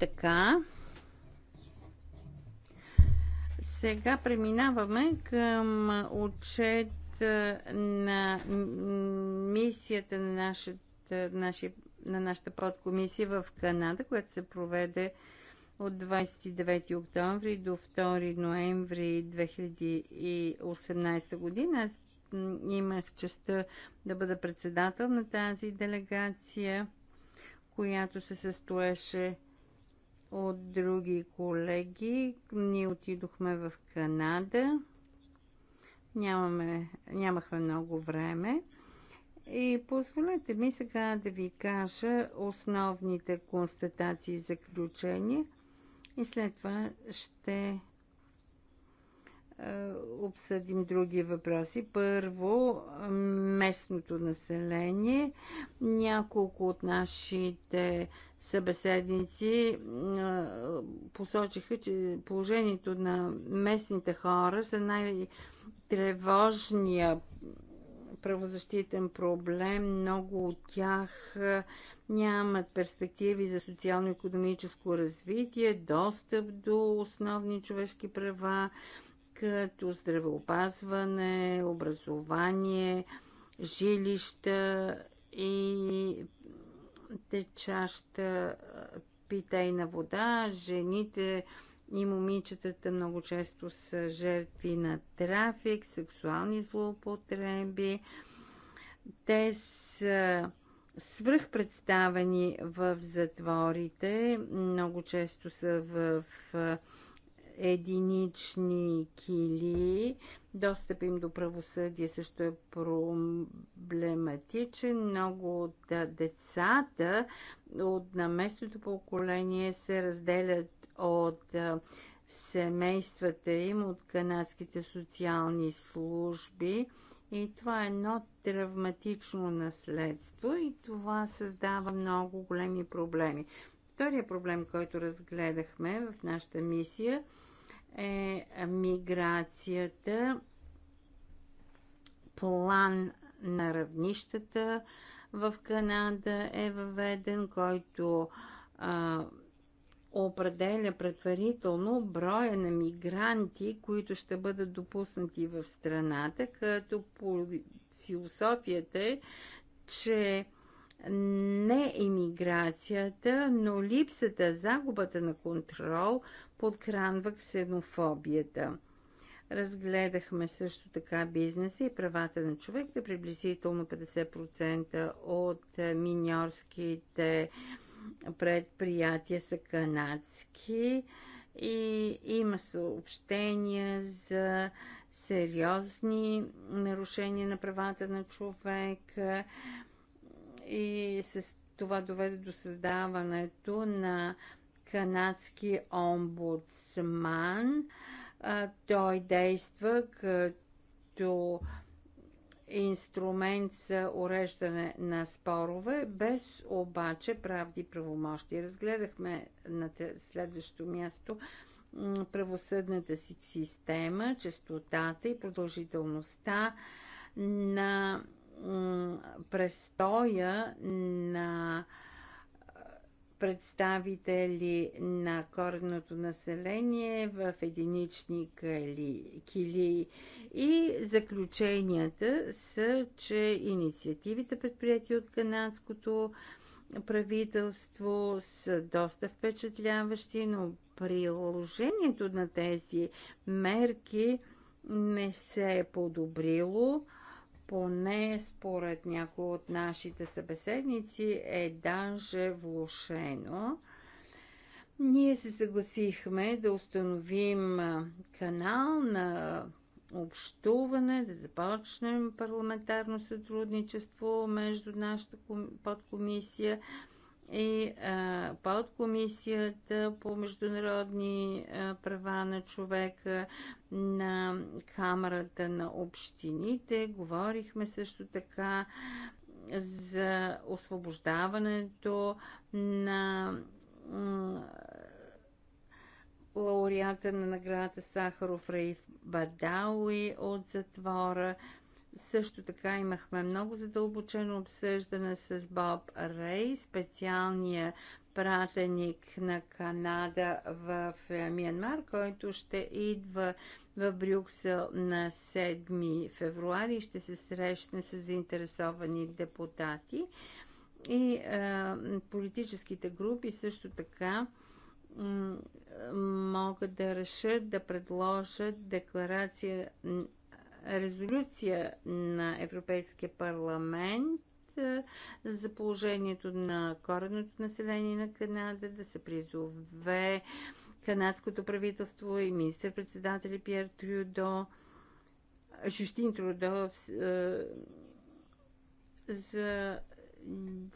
така. Сега преминаваме към отчет на мисията на нашата, на нашата подкомисия в Канада, която се проведе от 29 октомври до 2 ноември 2018 година. Аз имах честа да бъда председател на тази делегация, която се състоеше от други колеги. Ние отидохме в Канада. Нямаме, нямахме много време. И позволете ми сега да ви кажа основните констатации и заключения и след това ще е, обсъдим други въпроси. Първо, местното население. Няколко от нашите събеседници посочиха, че положението на местните хора са най-тревожния правозащитен проблем. Много от тях нямат перспективи за социално-економическо развитие, достъп до основни човешки права, като здравеопазване, образование, жилища и течаща питейна вода. Жените и момичетата много често са жертви на трафик, сексуални злоупотреби. Те са свръхпредставени в затворите, много често са в единични килии Достъп им до правосъдие също е проблематичен. Много от децата от на поколение се разделят от семействата им, от канадските социални служби. И това е едно травматично наследство и това създава много големи проблеми. Втория проблем, който разгледахме в нашата мисия – е миграцията, план на равнищата в Канада е въведен, който а, определя предварително броя на мигранти, които ще бъдат допуснати в страната, като по философията е, че не емиграцията, но липсата, загубата на контрол подхранва ксенофобията. Разгледахме също така бизнеса и правата на човека, приблизително 50% от миньорските предприятия са канадски и има съобщения за сериозни нарушения на правата на човека и с това доведе до създаването на канадски омбудсман. Той действа като инструмент за уреждане на спорове, без обаче правди правомощи. Разгледахме на следващото място правосъдната си система, частотата и продължителността на престоя на представители на коренното население в единични кили. И заключенията са, че инициативите, предприяти от канадското правителство, са доста впечатляващи, но приложението на тези мерки не се е подобрило поне според някои от нашите събеседници, е даже влушено. Ние се съгласихме да установим канал на общуване, да започнем парламентарно сътрудничество между нашата подкомисия и е, а, подкомисията по международни а, права на човека на Камерата на общините. Говорихме също така за освобождаването на лауреата на наградата Сахаров Раиф Бадауи от затвора. Също така имахме много задълбочено обсъждане с Боб Рей, специалния пратеник на Канада в е, Миянмар, който ще идва в Брюксел на 7 февруари и ще се срещне с заинтересовани депутати. И е, политическите групи също така могат да решат да предложат декларация резолюция на Европейския парламент за положението на коренното население на Канада, да се призове канадското правителство и министър-председателя Пьер Трюдо, Жустин Трудо, за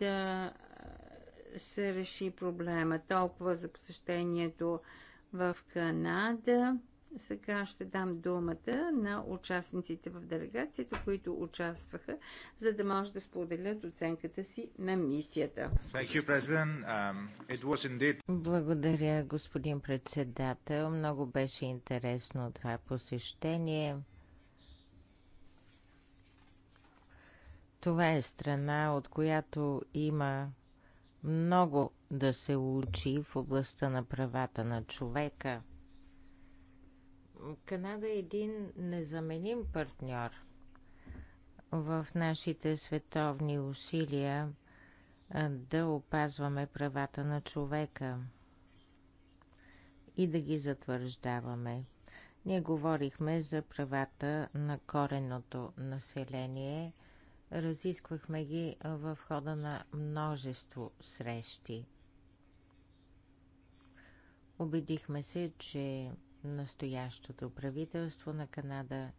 да се реши проблема. Толкова за посещението в Канада. Сега ще дам думата на участниците в делегацията, които участваха, за да може да споделят оценката си на мисията. Um, Благодаря, господин председател. Много беше интересно това посещение. Това е страна, от която има много да се учи в областта на правата на човека – Канада е един незаменим партньор в нашите световни усилия да опазваме правата на човека и да ги затвърждаваме. Ние говорихме за правата на кореното население, разисквахме ги в хода на множество срещи. Убедихме се, че Настоящото правителство на Канада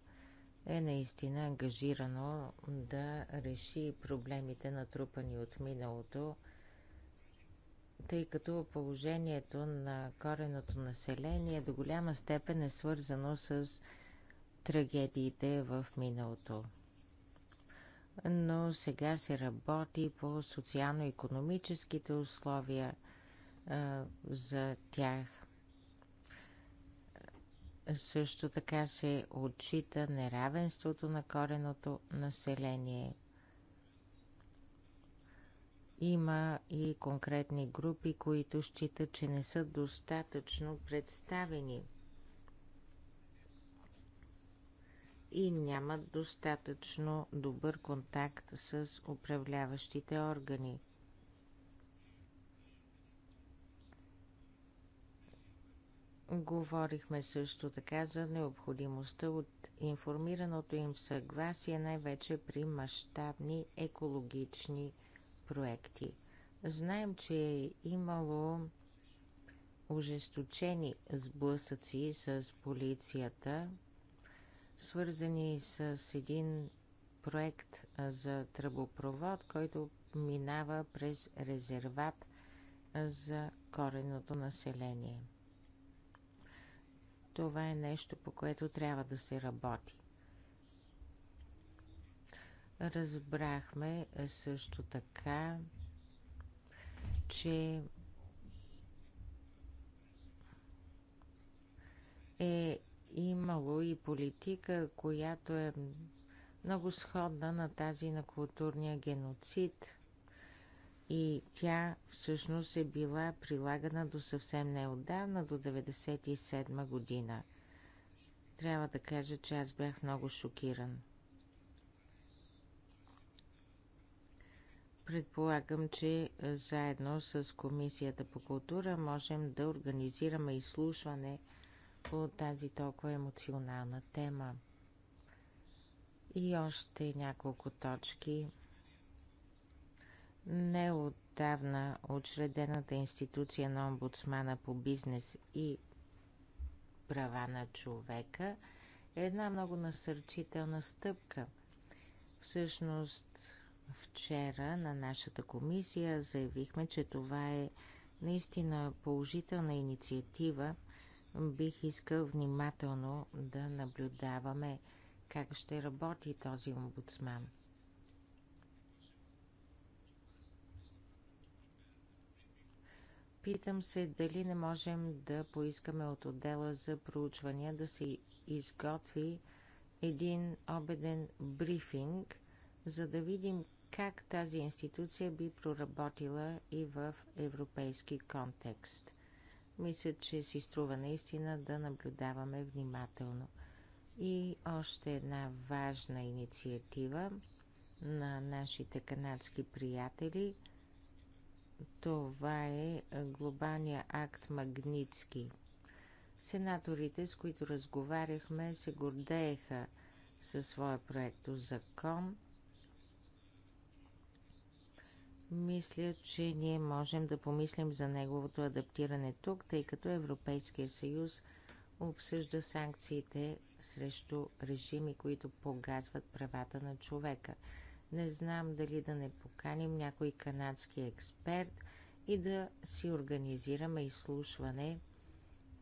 е наистина ангажирано да реши проблемите натрупани от миналото, тъй като положението на кореното население до голяма степен е свързано с трагедиите в миналото. Но сега се работи по социално-економическите условия а, за тях. Също така се отчита неравенството на кореното население. Има и конкретни групи, които считат, че не са достатъчно представени и нямат достатъчно добър контакт с управляващите органи. Говорихме също така за необходимостта от информираното им съгласие, най-вече при мащабни екологични проекти. Знаем, че е имало ожесточени сблъсъци с полицията, свързани с един проект за тръбопровод, който минава през резерват за кореното население. Това е нещо, по което трябва да се работи. Разбрахме е, също така, че е имало и политика, която е много сходна на тази на културния геноцид – и тя всъщност е била прилагана до съвсем неотдавна, до 1997 година. Трябва да кажа, че аз бях много шокиран. Предполагам, че заедно с Комисията по култура можем да организираме изслушване по тази толкова емоционална тема. И още няколко точки – Неотдавна учредената институция на омбудсмана по бизнес и права на човека е една много насърчителна стъпка. Всъщност, вчера на нашата комисия заявихме, че това е наистина положителна инициатива. Бих искал внимателно да наблюдаваме как ще работи този омбудсман. Питам се дали не можем да поискаме от отдела за проучвания да се изготви един обеден брифинг, за да видим как тази институция би проработила и в европейски контекст. Мисля, че си струва наистина да наблюдаваме внимателно. И още една важна инициатива на нашите канадски приятели – това е глобалния акт Магницки. Сенаторите, с които разговаряхме, се гордееха със своя проекто закон. Мисля, че ние можем да помислим за неговото адаптиране тук, тъй като Европейския съюз обсъжда санкциите срещу режими, които погазват правата на човека – не знам дали да не поканим някой канадски експерт и да си организираме изслушване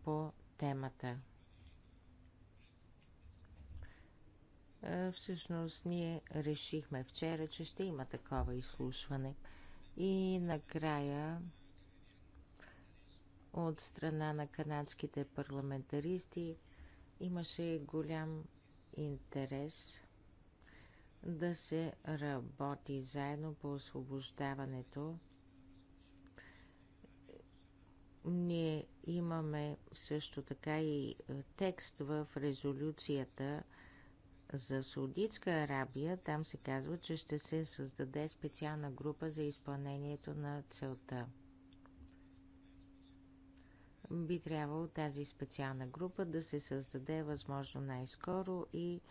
по темата. Всъщност ние решихме вчера, че ще има такова изслушване. И накрая от страна на канадските парламентаристи имаше голям интерес – да се работи заедно по освобождаването. Ние имаме също така и е, текст в резолюцията за Саудитска Арабия. Там се казва, че ще се създаде специална група за изпълнението на целта. Би трябвало тази специална група да се създаде възможно най-скоро и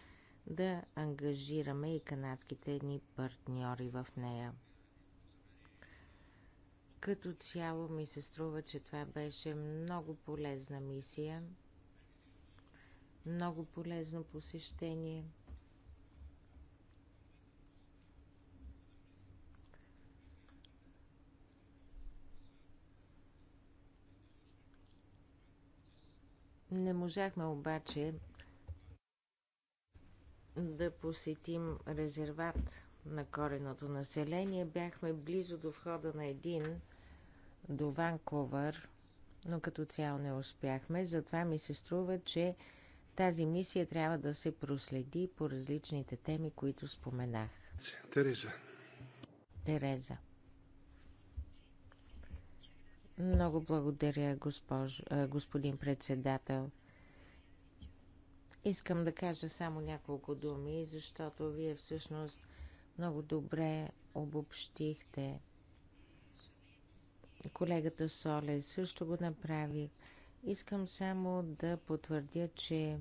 да ангажираме и канадските ни партньори в нея. Като цяло ми се струва, че това беше много полезна мисия, много полезно посещение. Не можахме обаче да посетим резерват на кореното население. Бяхме близо до входа на един, до Ванкувър, но като цяло не успяхме. Затова ми се струва, че тази мисия трябва да се проследи по различните теми, които споменах. Тереза. Тереза. Много благодаря, госпож... господин председател. Искам да кажа само няколко думи, защото вие всъщност много добре обобщихте. Колегата Соле също го направи. Искам само да потвърдя, че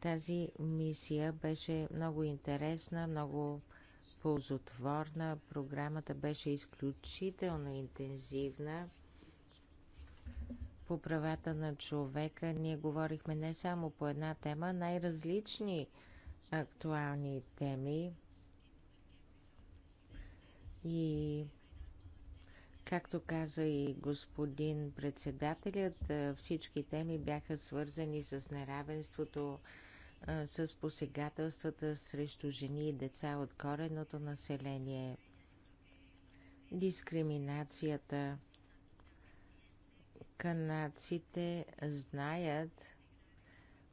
тази мисия беше много интересна, много ползотворна. Програмата беше изключително интензивна – по правата на човека ние говорихме не само по една тема, най-различни актуални теми. И както каза и господин председателят, всички теми бяха свързани с неравенството, с посегателствата срещу жени и деца от кореното население, дискриминацията – Канадците знаят,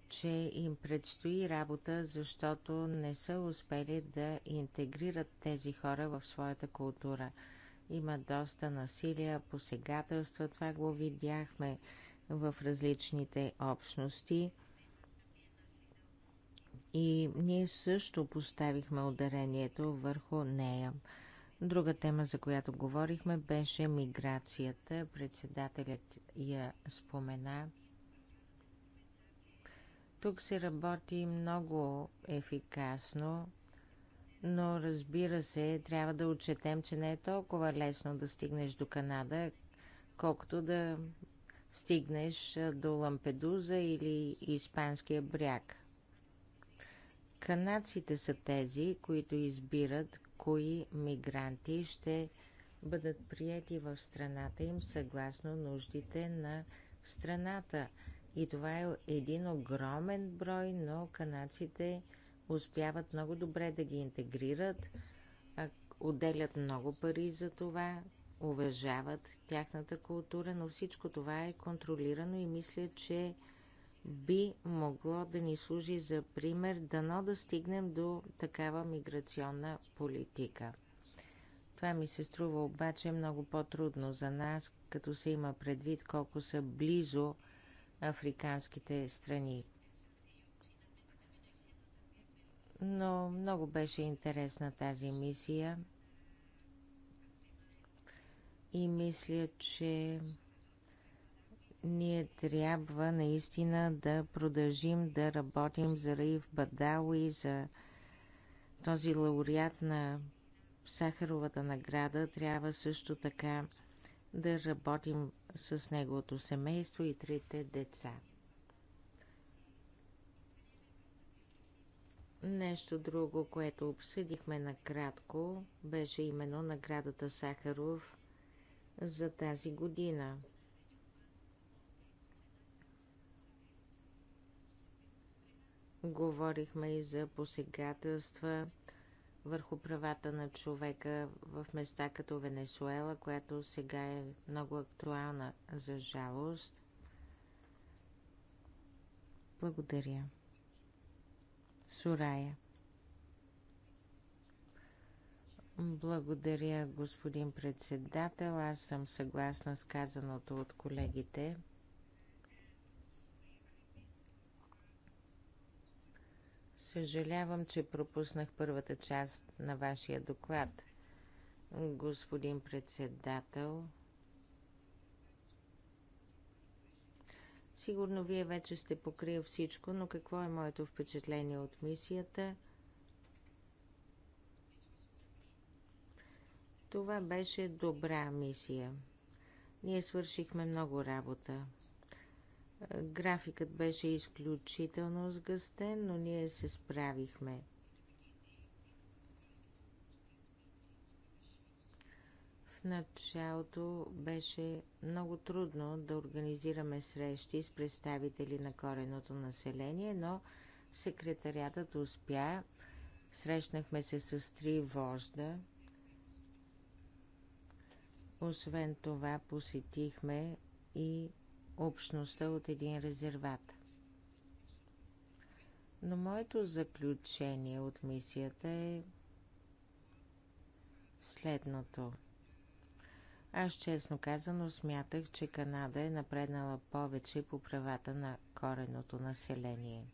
че им предстои работа, защото не са успели да интегрират тези хора в своята култура. Има доста насилие, посегателства, това го видяхме в различните общности. И ние също поставихме ударението върху нея. Друга тема, за която говорихме, беше миграцията. Председателят я спомена. Тук се работи много ефикасно, но разбира се, трябва да отчетем, че не е толкова лесно да стигнеш до Канада, колкото да стигнеш до Лампедуза или Испанския бряг. Канадците са тези, които избират кои мигранти ще бъдат прияти в страната им съгласно нуждите на страната. И това е един огромен брой, но канадците успяват много добре да ги интегрират, отделят много пари за това, уважават тяхната култура, но всичко това е контролирано и мисля, че би могло да ни служи за пример, дано да стигнем до такава миграционна политика. Това ми се струва обаче много по-трудно за нас, като се има предвид колко са близо африканските страни. Но много беше интересна тази мисия и мисля, че ние трябва наистина да продължим да работим за Раив и за този лауреат на Сахаровата награда. Трябва също така да работим с неговото семейство и трите деца. Нещо друго, което обсъдихме накратко, беше именно наградата Сахаров за тази година – Говорихме и за посегателства върху правата на човека в места като Венесуела, която сега е много актуална за жалост. Благодаря. Сурая. Благодаря, господин председател. Аз съм съгласна с казаното от колегите. Съжалявам, че пропуснах първата част на вашия доклад, господин председател. Сигурно вие вече сте покрил всичко, но какво е моето впечатление от мисията? Това беше добра мисия. Ние свършихме много работа. Графикът беше изключително сгъстен, но ние се справихме. В началото беше много трудно да организираме срещи с представители на кореното население, но секретарятът успя. Срещнахме се с три вожда. Освен това посетихме и общността от един резерват. Но моето заключение от мисията е следното. Аз честно казано смятах, че Канада е напреднала повече по правата на кореното население.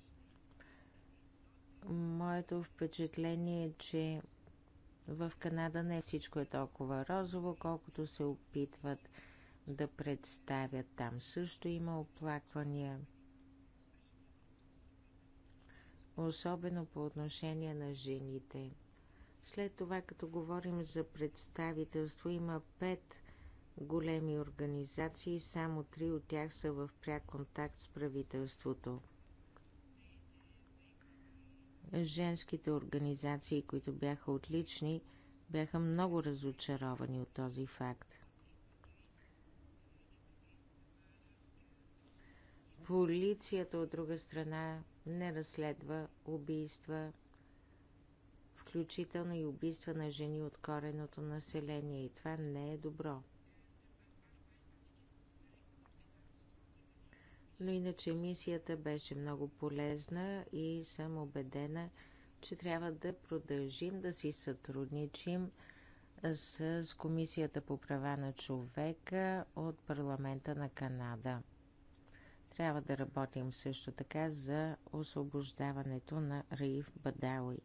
Моето впечатление е, че в Канада не всичко е толкова розово, колкото се опитват да представят. Там също има оплаквания. Особено по отношение на жените. След това, като говорим за представителство, има пет големи организации, само три от тях са в пряк контакт с правителството. Женските организации, които бяха отлични, бяха много разочаровани от този факт. Полицията от друга страна не разследва убийства, включително и убийства на жени от кореното население и това не е добро. Но иначе мисията беше много полезна и съм убедена, че трябва да продължим да си сътрудничим с Комисията по права на човека от парламента на Канада. Трябва да работим също така за освобождаването на Раиф Бадауи.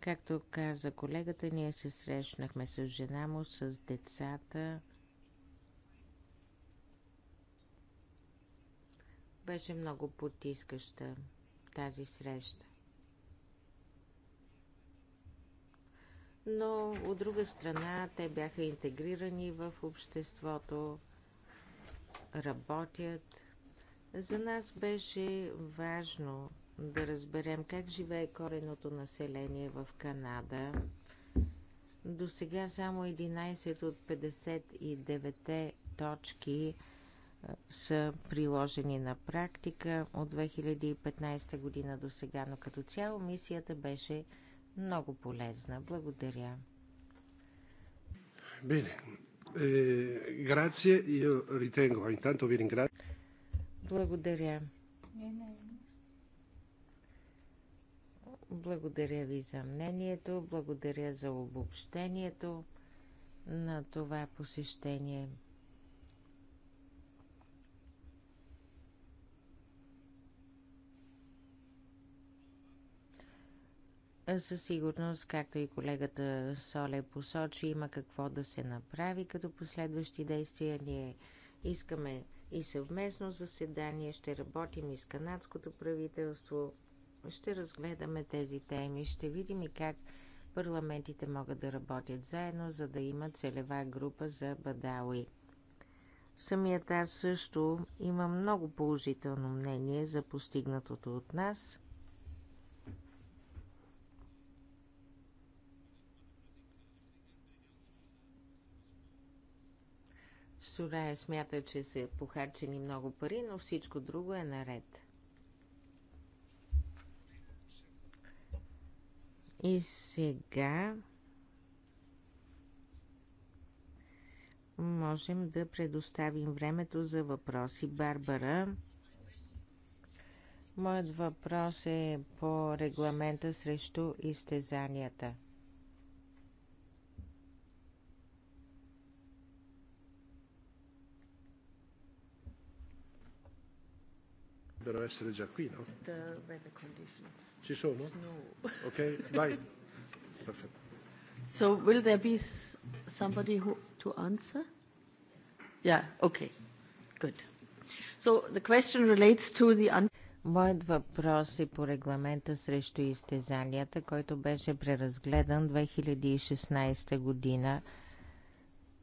Както каза колегата, ние се срещнахме с жена му, с децата. Беше много потискаща тази среща. Но от друга страна те бяха интегрирани в обществото, работят. За нас беше важно да разберем как живее кореното население в Канада. До сега само 11 от 59 точки са приложени на практика от 2015 година до сега, но като цяло мисията беше много полезна. Благодаря. Bene, Eh, благодаря. Благодаря ви за мнението, благодаря за обобщението на това посещение. Със сигурност, както и колегата Соле посочи, има какво да се направи като последващи действия. Ние искаме и съвместно заседание, ще работим и с канадското правителство, ще разгледаме тези теми, ще видим и как парламентите могат да работят заедно, за да има целева група за бадауи. Самият аз също има много положително мнение за постигнатото от нас – Сурая смята, че са похарчени много пари, но всичко друго е наред. И сега можем да предоставим времето за въпроси. Барбара, моят въпрос е по регламента срещу изтезанията – dovrebbero essere già qui, no? Ci sono? Ok, vai. Perfetto. So will there be somebody who to answer? Yeah, okay. Good. So the question relates to the un- Моят въпрос е по регламента срещу изтезанията, който беше преразгледан 2016 година.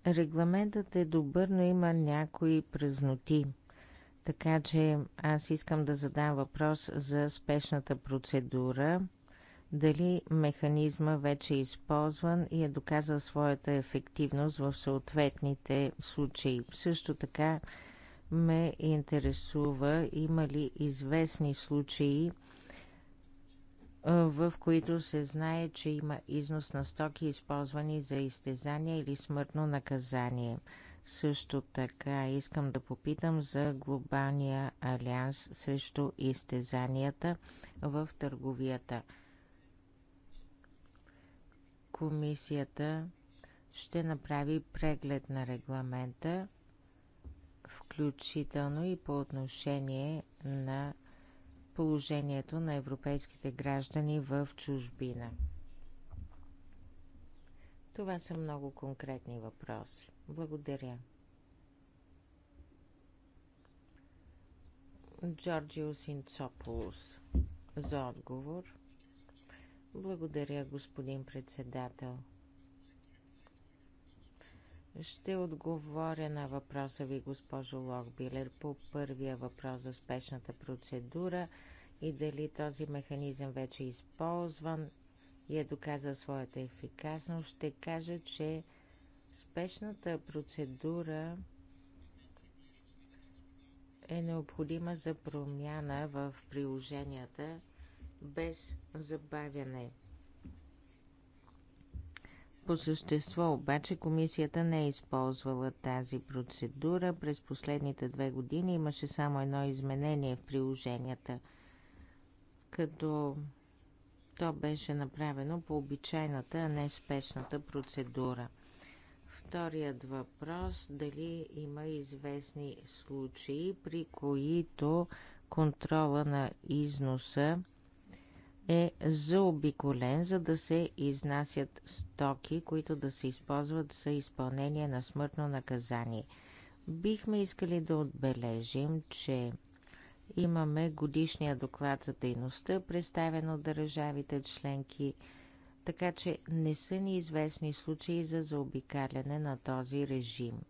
Регламентът е добър, но има някои празноти – така че аз искам да задам въпрос за спешната процедура. Дали механизма вече е използван и е доказал своята ефективност в съответните случаи. Също така ме интересува има ли известни случаи, в които се знае, че има износ на стоки, използвани за изтезания или смъртно наказание – също така искам да попитам за глобалния алианс срещу изтезанията в търговията. Комисията ще направи преглед на регламента, включително и по отношение на положението на европейските граждани в чужбина. Това са много конкретни въпроси. Благодаря. Джорджио Синцополус за отговор. Благодаря, господин председател. Ще отговоря на въпроса ви, госпожо Локбилер, по първия въпрос за спешната процедура и дали този механизъм вече е използван и е доказал своята ефикасност. Ще кажа, че Спешната процедура е необходима за промяна в приложенията без забавяне. По същество обаче комисията не е използвала тази процедура. През последните две години имаше само едно изменение в приложенията, като то беше направено по обичайната, а не спешната процедура. Вторият въпрос – дали има известни случаи, при които контрола на износа е заобиколен, за да се изнасят стоки, които да се използват за изпълнение на смъртно наказание. Бихме искали да отбележим, че имаме годишния доклад за дейността, представен от държавите членки – така че не са ни известни случаи за заобикаляне на този режим.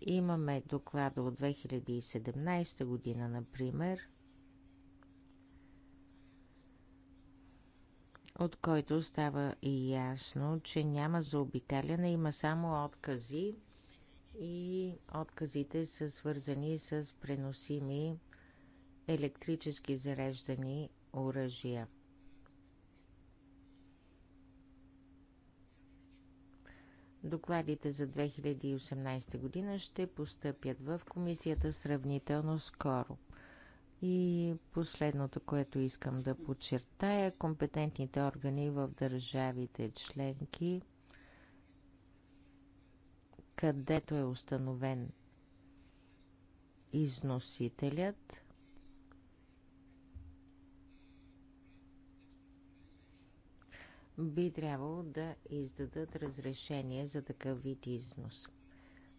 Имаме доклада от 2017 година, например, от който става ясно, че няма заобикаляне, има само откази и отказите са свързани с преносими електрически зареждани оръжия. Докладите за 2018 година ще постъпят в комисията сравнително скоро. И последното, което искам да подчертая, компетентните органи в държавите членки, където е установен износителят, би трябвало да издадат разрешение за такъв вид износ.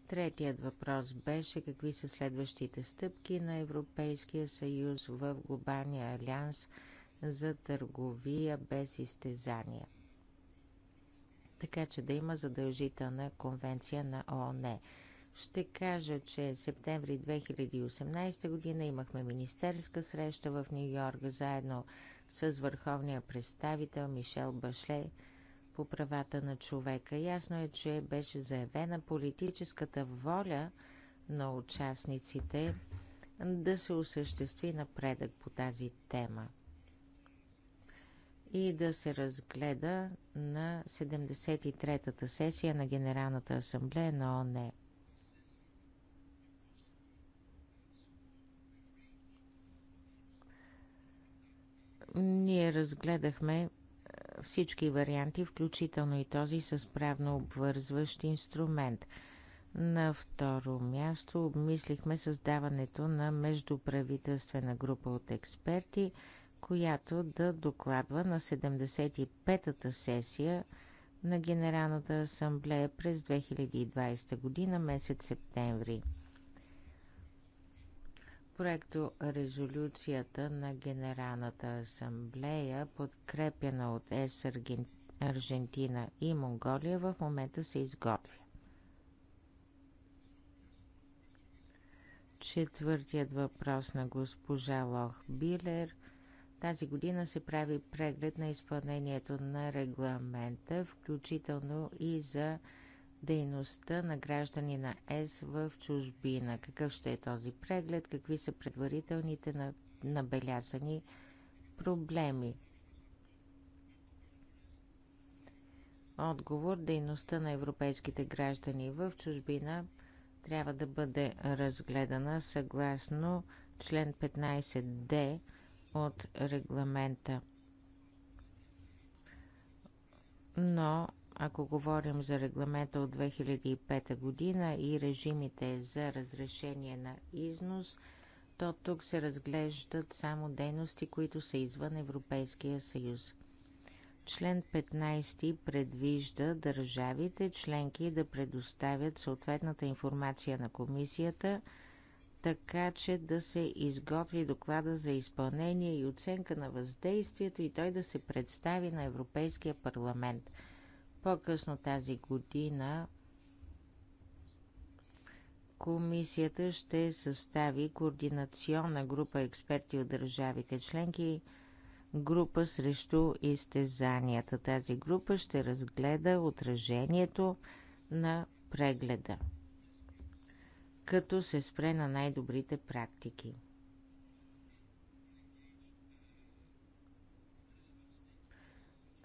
Третият въпрос беше какви са следващите стъпки на Европейския съюз в глобалния алианс за търговия без изтезания. Така че да има задължителна конвенция на ООН. Ще кажа, че септември 2018 година имахме министерска среща в Нью Йорк заедно с върховния представител Мишел Башле по правата на човека. Ясно е, че беше заявена политическата воля на участниците да се осъществи напредък по тази тема и да се разгледа на 73-та сесия на Генералната асамблея на ОНЕ. Ние разгледахме е, всички варианти, включително и този с правно обвързващ инструмент. На второ място обмислихме създаването на междуправителствена група от експерти, която да докладва на 75-та сесия на Генералната асамблея през 2020 година, месец септември. Проекто резолюцията на Генералната асамблея, подкрепена от ЕС Аржентина и Монголия, в момента се изготвя. Четвъртият въпрос на госпожа Лох Билер. Тази година се прави преглед на изпълнението на регламента, включително и за дейността на граждани на ЕС в чужбина. Какъв ще е този преглед? Какви са предварителните набелязани проблеми? Отговор дейността на европейските граждани в чужбина трябва да бъде разгледана съгласно член 15д от регламента. Но ако говорим за регламента от 2005 година и режимите за разрешение на износ, то тук се разглеждат само дейности, които са извън Европейския съюз. Член 15 предвижда държавите членки да предоставят съответната информация на комисията, така че да се изготви доклада за изпълнение и оценка на въздействието и той да се представи на Европейския парламент – по-късно тази година комисията ще състави координационна група експерти от държавите членки група срещу изтезанията. Тази група ще разгледа отражението на прегледа, като се спре на най-добрите практики.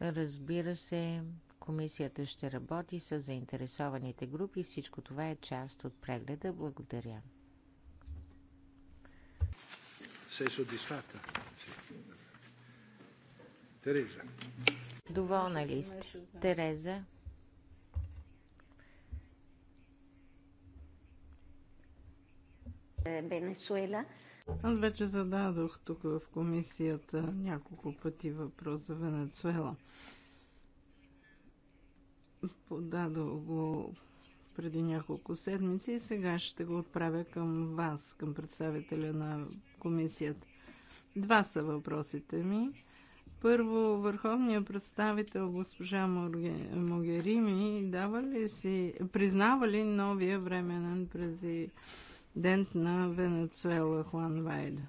Разбира се, Комисията ще работи с заинтересованите групи. Всичко това е част от прегледа. Благодаря. Тереза. Доволна ли сте? Тереза. Е, Венесуела. Аз вече зададох тук в комисията няколко пъти въпрос за Венецуела подадох го преди няколко седмици и сега ще го отправя към вас, към представителя на комисията. Два са въпросите ми. Първо, върховният представител госпожа Могерими дава ли си, признава ли новия временен президент на Венецуела Хуан Вайда?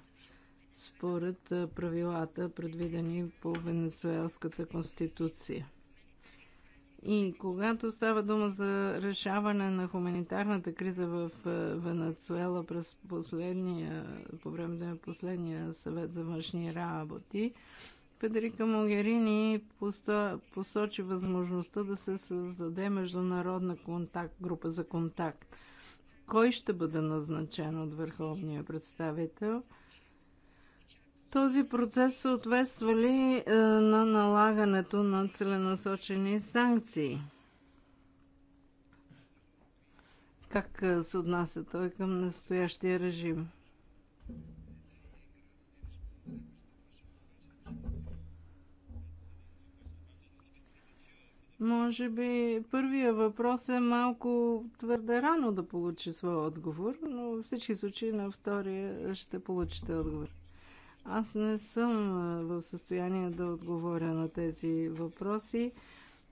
според правилата, предвидени по Венецуелската конституция. И когато става дума за решаване на хуманитарната криза в е, Венецуела през последния, по време на последния съвет за външни работи, Федерика Могерини посочи възможността да се създаде международна контакт, група за контакт. Кой ще бъде назначен от върховния представител – този процес съответства ли е, на налагането на целенасочени санкции? Как е, се отнася той към настоящия режим? Може би първия въпрос е малко твърде рано да получи своя отговор, но във всички случаи на втория ще получите отговор. Аз не съм в състояние да отговоря на тези въпроси.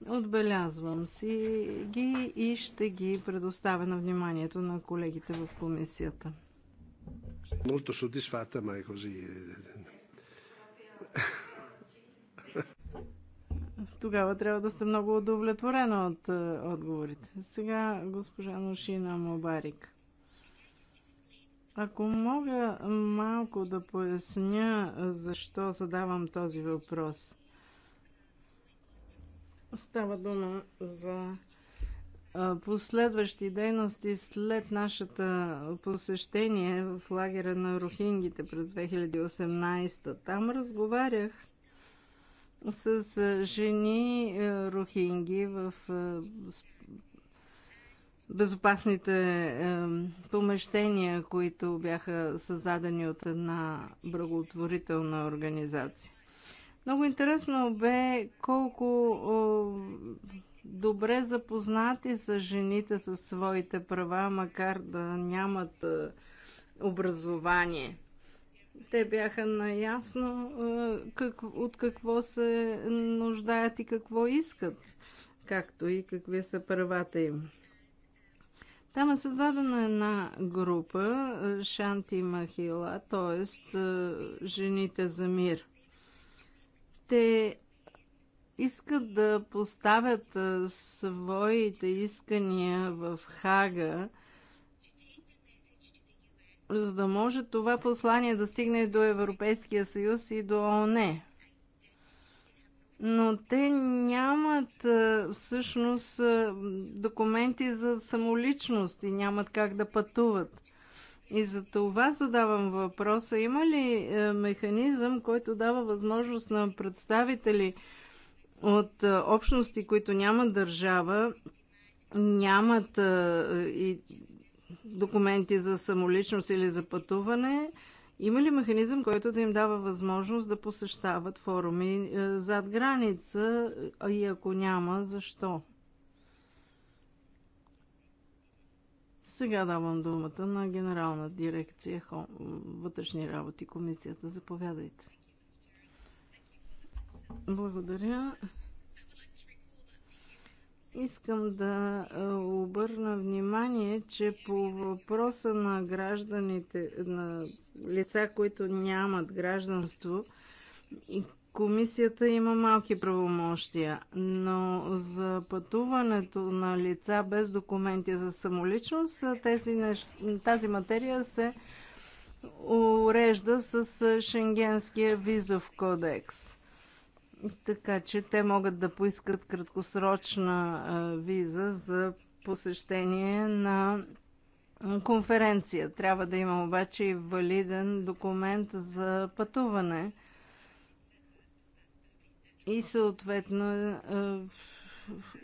Отбелязвам си ги и ще ги предоставя на вниманието на колегите в комисията. Много съдисфата, ma è così. Тогава трябва да сте много удовлетворена от отговорите. Сега госпожа Ношина Мобарик. Ако мога малко да поясня защо задавам този въпрос. Става дума за последващи дейности след нашата посещение в лагера на Рохингите през 2018. Там разговарях с жени рохинги в безопасните е, помещения, които бяха създадени от една благотворителна организация. Много интересно бе колко е, добре запознати са жените със своите права, макар да нямат е, образование. Те бяха наясно е, как, от какво се нуждаят и какво искат, както и какви са правата им. Там е създадена една група е, Шанти Махила, т.е. жените за мир. Те искат да поставят е, своите искания в Хага, за да може това послание да стигне до Европейския съюз и до ОНЕ но те нямат е, всъщност е, документи за самоличност и нямат как да пътуват. И за това задавам въпроса, има ли е, механизъм, който дава възможност на представители от общности, които нямат държава, нямат и документи за самоличност или за пътуване, има ли механизъм, който да им дава възможност да посещават форуми е, зад граница? Е, и ако няма, защо? Сега давам думата на Генерална дирекция вътрешни работи, комисията. Заповядайте. Благодаря. Искам да е, обърна внимание, че по въпроса на гражданите, на лица, които нямат гражданство, комисията има малки правомощия, но за пътуването на лица без документи за самоличност, тези нещ... тази материя се урежда с Шенгенския визов кодекс така че те могат да поискат краткосрочна виза за посещение на конференция. Трябва да има обаче и валиден документ за пътуване и съответно е,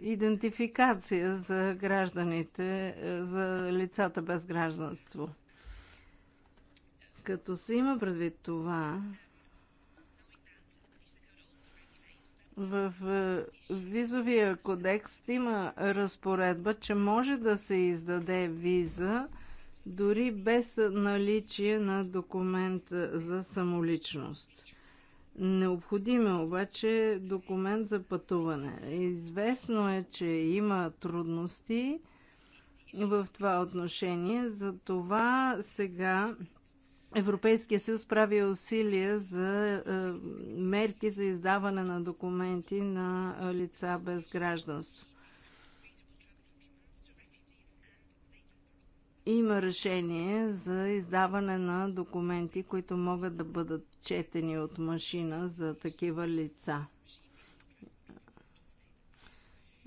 идентификация за гражданите, е, за лицата без гражданство. Като се има предвид това, В е, визовия кодекс има разпоредба, че може да се издаде виза дори без наличие на документ за самоличност. Необходим е обаче документ за пътуване. Известно е, че има трудности в това отношение, затова сега Европейския съюз прави усилия за е, мерки за издаване на документи на е, лица без гражданство. Има решение за издаване на документи, които могат да бъдат четени от машина за такива лица.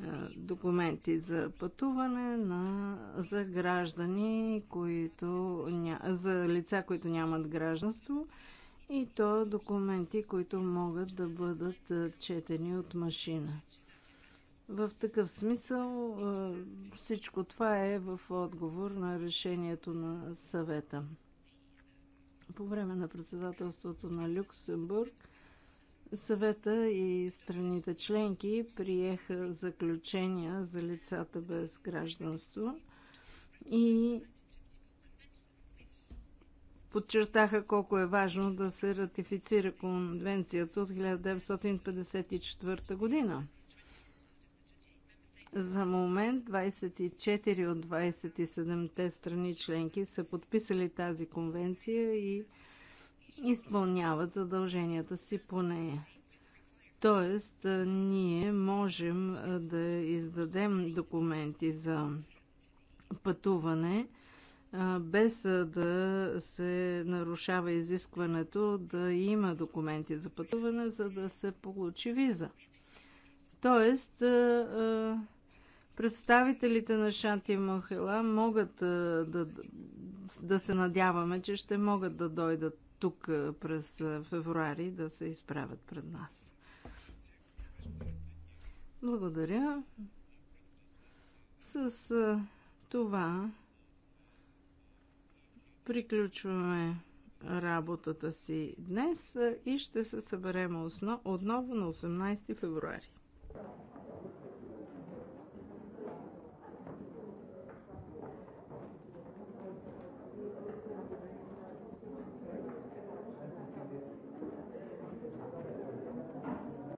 Е, документи за пътуване на, за граждани, които, ня, за лица, които нямат гражданство и то документи, които могат да бъдат е, четени от машина. В такъв смисъл е, всичко това е в отговор на решението на съвета. По време на председателството на Люксембург Съвета и страните членки приеха заключения за лицата без гражданство и подчертаха колко е важно да се ратифицира конвенцията от 1954 година. За момент 24 от 27-те страни членки са подписали тази конвенция и изпълняват задълженията си по нея. Тоест, ние можем да издадем документи за пътуване, без да се нарушава изискването да има документи за пътуване, за да се получи виза. Тоест, представителите на Шанти Махела могат да, да се надяваме, че ще могат да дойдат тук през февруари да се изправят пред нас. Благодаря. С това приключваме работата си днес и ще се съберем отново на 18 февруари.